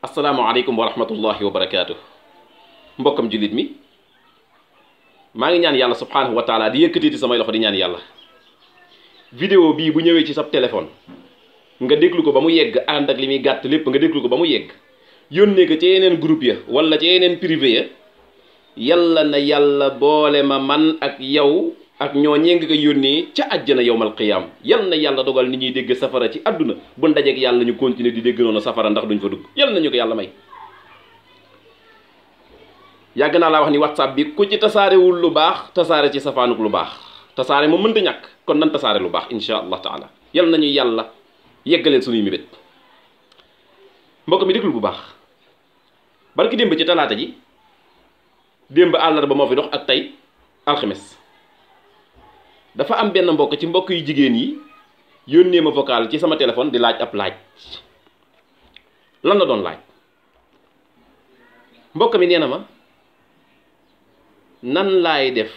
Assalamualaikum warahmatullahi wabarakatuh. wa barakaatu mbokkam mi ma ngi ñaan yalla subhanahu wa taala di yëkëti ci sama loxo di ñaan yalla vidéo bi bu ñëwé ci sa téléphone nga déglu ko ba mu yegg and ak limi gatt lepp nga déglu ko ba mu yegg yonne ko ci yeneen groupe ya wala ci yeneen privé ya yalla na yalla boole ma man ak yow ak ñooñee nga ko ci aljana yowmal qiyam yal na yalla dogal nit ñi dégg safara ci aduna bu ndajeek yalla ñu continue di dégg nonu safara ndax duñ fa dugg yal nañu ko yalla may yag na la wax ni whatsapp bi ku ci wul lu bax tasare ci safanu lu tasare mo mën mënta ñak kon nan tasare lu bax insha allah taala yal nañu yalla yeggaleel suñuy mébét mbokk mi deglu bu bax barki démb ci talata ji démb alarba mo fi dox ak tay alkhamis dafa am benn mbokk ci mbokk yu jigéen yi yónnee ma vocal ci sama téléphone di laaj ab laaj lan la doon laaj mbokk mi nee na ma nan laay def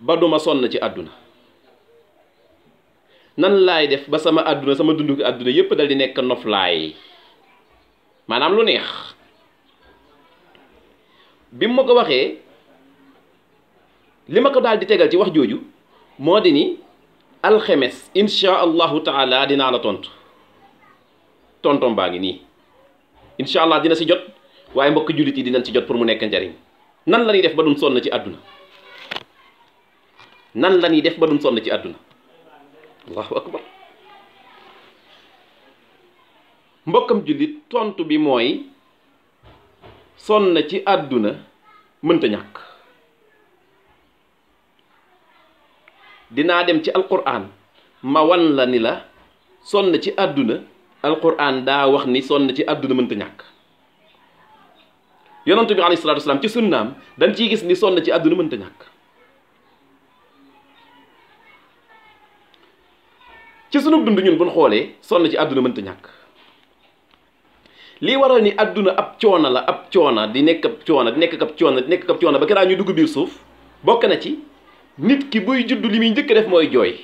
ba duma sonn ci àdduna nan laay def ba sama àdduna sama dundu àdduna yépp dal di nekk noflaay maanaam lu neex bi mu ma ko waxee li ma ko daal di tegal ci wax jooju moo di ni alxemes incha allahu taala dinaa la tontu tontoom baa ngi nii incha allah dina si jot waaye mbokk jullit yi dinañ si jot pour mu nekk njariñ nan la ñuy def ba duñ sonn ci àdduna nan la def ba sonn ci àdduna allahu akbar mbokkam jullit tontu bi mooy sonn ci àdduna mënta ñàkk. dinaa dem ci alquran ma wan la ni la sonn ci àdduna alquran daa wax ni sonn ci àdduna mënt ñàkk yonent bi alayhi salaatu ci sunnaam dañ ciy gis ni sonn ci àdduna mënta ñàkk ci sunu dund ñun buñ xoolee sonn ci àdduna mënt ñàkk lii waral ni àdduna ab coona la ab coona di nekk ab coona di nekk ab coona nekk ab coona ba keraa ñu dugg biir suuf bokk na ci nit ki buy judd li muy njëkk def mooy jooy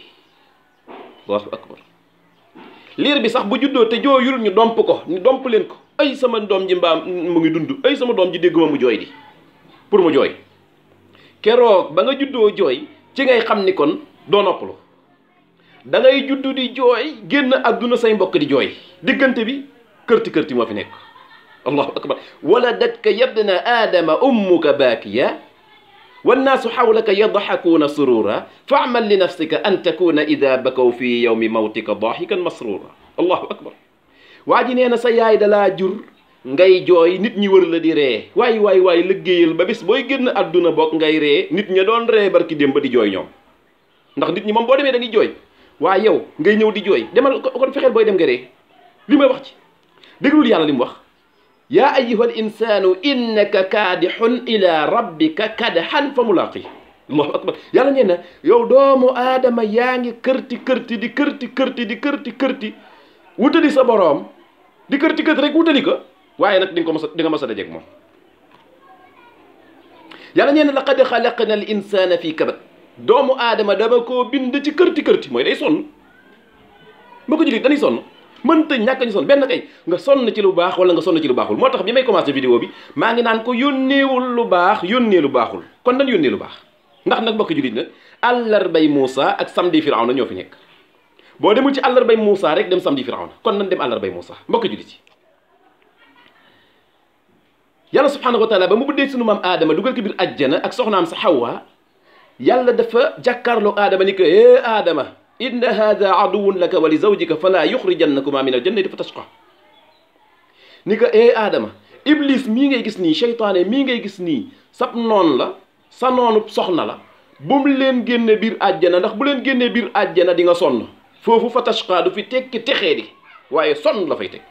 allahu akbar liir bi sax bu juddoo te jooyul ñu domp ko ñu domp leen ko ay sama doom ji mbaam mu ngi dund ay sama doom ji dégguma mu jooy di pour mu jooy keroog ba nga juddoo jooy ci ngay xam ni kon doo noppalu da ngay juddu di jooy génn àdduna say mbokk di jooy diggante bi kërti kërti moo fi nekk allahu akbar waladatka yabna aadama ummuka baakiya والناس حولك يضحكون سرورا فاعمل لنفسك أن تكون إذا بكوا في يوم موتك ضاحكا مسرورا الله أكبر waa أنا سيايد لا جر ngay joy nit ñi wër la di ree waay waay waay liggéeyal ba bis booy génn àdduna bokk ngay ree nit ña doon ree barki dem ba di joy ñoom ndax nit ñi moom boo demee da ngay jooy waa yow ngay ñëw di jooy demal kon fexeel booy dem nga ree li may wax ci déglul yàlla li mu wax يا أيها الإنسان إنك كادح إلى ربك كدحا فملاقي الله أكبر يا لنينا يو دومو آدم ياني كرتي كرتي دي كرتي كرتي دي كرتي كرتي وتدي سبرام دي كرتي كرتي ريك وتدي كا واي نك دينكو مسا دينكو مسا دجك مو يا لنينا لقد خلقنا الإنسان في كبد دومو آدم دابا كو كرتي تي كرتي كرتي موي داي سون بوكو جيلي داني سون mënta ñàkk ñu sonn benn kay nga sonn ci lu baax wala nga sonn ci lu baaxul moo tax bi may commencé vidéo bi maa ngi naan ko yónneewul lu baax yónnee lu baaxul kon dañ yónnee lu baax ndax nag mbokk jullit nag àllarbay Moussa ak samedi Firawna ñoo fi nekk boo demul ci àllarbay Moussa rek dem samedi Firawna kon nañ dem àllarbay Moussa mbokk jullit yi yàlla subhaanahu wa taala ba mu buddee sunu maam aadama dugal ko biir ajjana ak soxnaam sa xawwa yàlla dafa jàkkaarloo aadama ni ko aadama إن هذا عدو لك ولزوجك فلا يخرجنكما من الجنة فتشقى نيكا إيه آدم إبليس مين غي كسني شيطان مين غي كسني سب نون لا سنون بسخنا لا بوم لين جنة بير أجنة نخ بولين جنة بير أجنة دينا صن فوفو فتشقى دو في تك تخيري واي صن لا في تك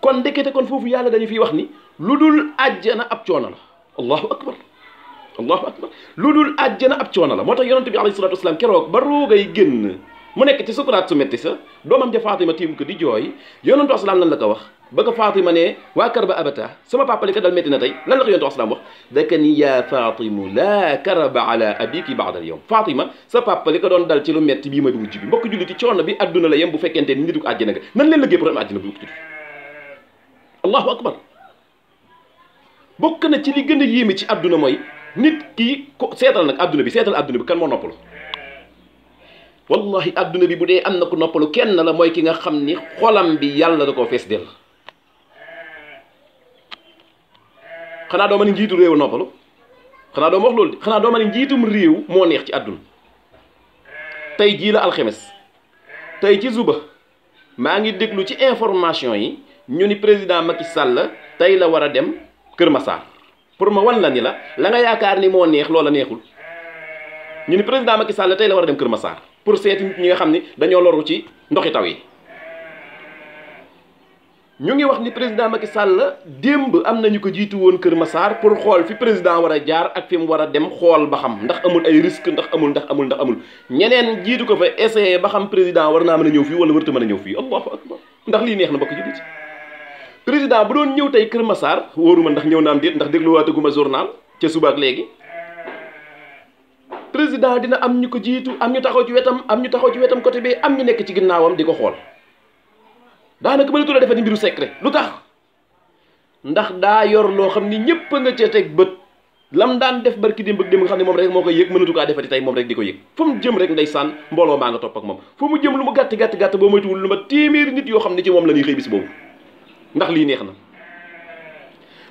كون ديكي تكون فوفو يالا داني في وخني لدول أجنة أبتونا الله أكبر الله اكبر لودول لا موتا يونت بي عليه الصلاه والسلام كيروك برو غاي ген مو نيك تي سكرات فاطمه تيم دي جوي يونت الله السلام نان لاكا واخ فاطمه ني وا ابتا سما بابا لي كدال مدينه تاي نان لاكا يونت الله السلام واخ يا فاطمه لا كرب على ابيك بعد اليوم فاطمه سا بابا لي كدون دال تي لو متي بي جيبي مكو جولي تي بي ادونا لا يم بو فكنتي نيدو اجنا نان لغي بروم اجنا بو كتي الله اكبر بوكنا تي لي غن nit ki ko seetal nag adduna bi seetal adduna bi kan moo noppalu wallahi àdduna bi bu dee am na ko noppalu kenn la mooy ki nga xam ni xolam bi yàlla da koo fees dell xanaa doo ma ni njiitu réew noppalu xanaa doo ma wax xanaa doo ma ni njiitum réew moo neex ci adduna tey jii la alxemes tey ci suba maa ngi déglu ci information yi ñu ni président Macky la tey la war a dem Kër Massar pour ma wan la ni la la nga yaakaar ni moo neex loola neexul ñu ni président Macky Sall tey la war a dem Kër Massar pour seeti nit ñi nga xam ni dañoo loru ci ndoxi taw yi ñu ngi wax ni président Macky Sall démb am na ñu ko jiitu woon Kër ma saar pour xool fi président war a jaar ak fi mu war a dem xool ba xam ndax amul ay risque ndax amul ndax amul ndax amul ñeneen jiitu ko fa essayé ba xam président war naa mën a ñëw fii wala wërta mën a ñëw fii allahu akbar ndax lii neex na bokk ci président bu doon ñëw tey Kër Massar wóoruma ndax ñëw naam déet ndax dégluwaataguma journal ca suba ak léegi président dina am ñu ko jiitu am ñu taxaw ci wetam am ñu taxaw ci wetam côté bi am ñu nekk ci ginnaawam di ko xool daanaka mënatul a defati mbiru secret lu tax ndax daa yor loo xam ni ñëpp nga ca teg bët lam daan def barki démb dem nga xam ne moom rek moo koy yëg mënatu kaa defati tey moom rek di ko yëg fu mu jëm rek ndeysaan mbooloo maa nga topp ak moom fu mu jëm lu mu gàtt gàtt gàtt boo moytuwul lu ma téeméeri nit yoo xam ci moom la ñuy xëy bis boobu ndax li neexna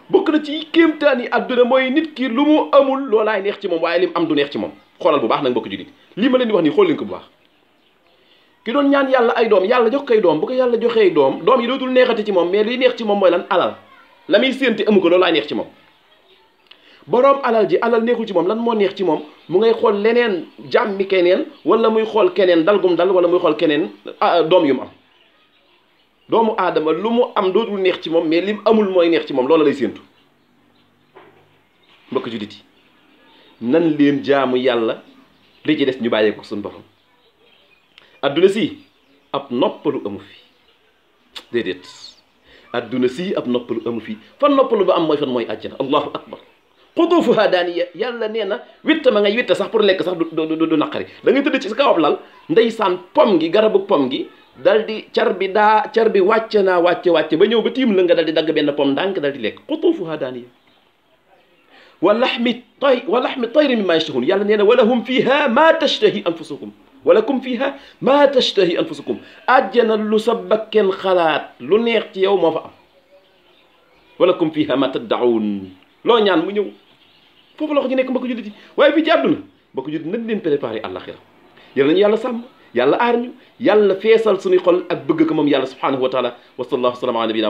bokk na ci kemtani aduna moy nit ki lu mu amul lolay neex ci mom waye lim am du neex ci mom xolal bu baax nag mbokk jullit li ma len di wax ni xol len ko bu baax ki doon ñaan yàlla ay doom yàlla jox kay doom bu ko yàlla joxee doom doom yi dootul neexati ci mom mais li neex ci mom moy lan alal la senti séenti amu ko loolaay neex ci mom borom alal ji alal neexul ci mom lan mo neex ci mom mu ngay xol leneen jàmmi keneen wala muy xol keneen dalgum dal wala muy xol keneen doom yu am doomu aadama lu mu am dootul neex ci moom mais lim amul mooy neex ci moom loola lay séentu mbokk jullit yi nan leen jaamu yàlla li ci des ñu bàyyee ko suñu borom adduna si ab noppalu amu fi déedéet adduna si ab noppalu amu fi fan noppalu ba am mooy fan mooy àjjana allahu akbar xutuufuha daaniya yàlla nee na witta ma ngay witta sax pour lekk sax du du du naqari da ngay tëdd ci sa kaw ab lal ndeysaan pom gi garabu pom gi dal di car bi daa car bi wàcc naa wàcce wàcce ba ñëw ba tiim la nga dal di dagg benn pom ndànk dal di lekk qutuufuhaa daaniya wa laxmi tay wa laxmi tayri mimmaa yashtahun yàlla nee na wa lahum fiihaa maa tashtahi anfusukum wa lakum fiihaa maa tashtahi anfusukum àjjana lu sa bakken xalaat lu neex ci yow moo fa am wa lakum fiihaa maa taddaun loo ñaan mu ñëw foofu la wax ñu nekk mbokk jullit yi waaye fii ci àdduna mbokk jullit nañ leen préparé àllaxira yal nañu yàlla sàmm يلا أرنيو يلا فيصل سنقول أبقك مم يلا سبحانه وتعالى وصلى الله وسلم على نبينا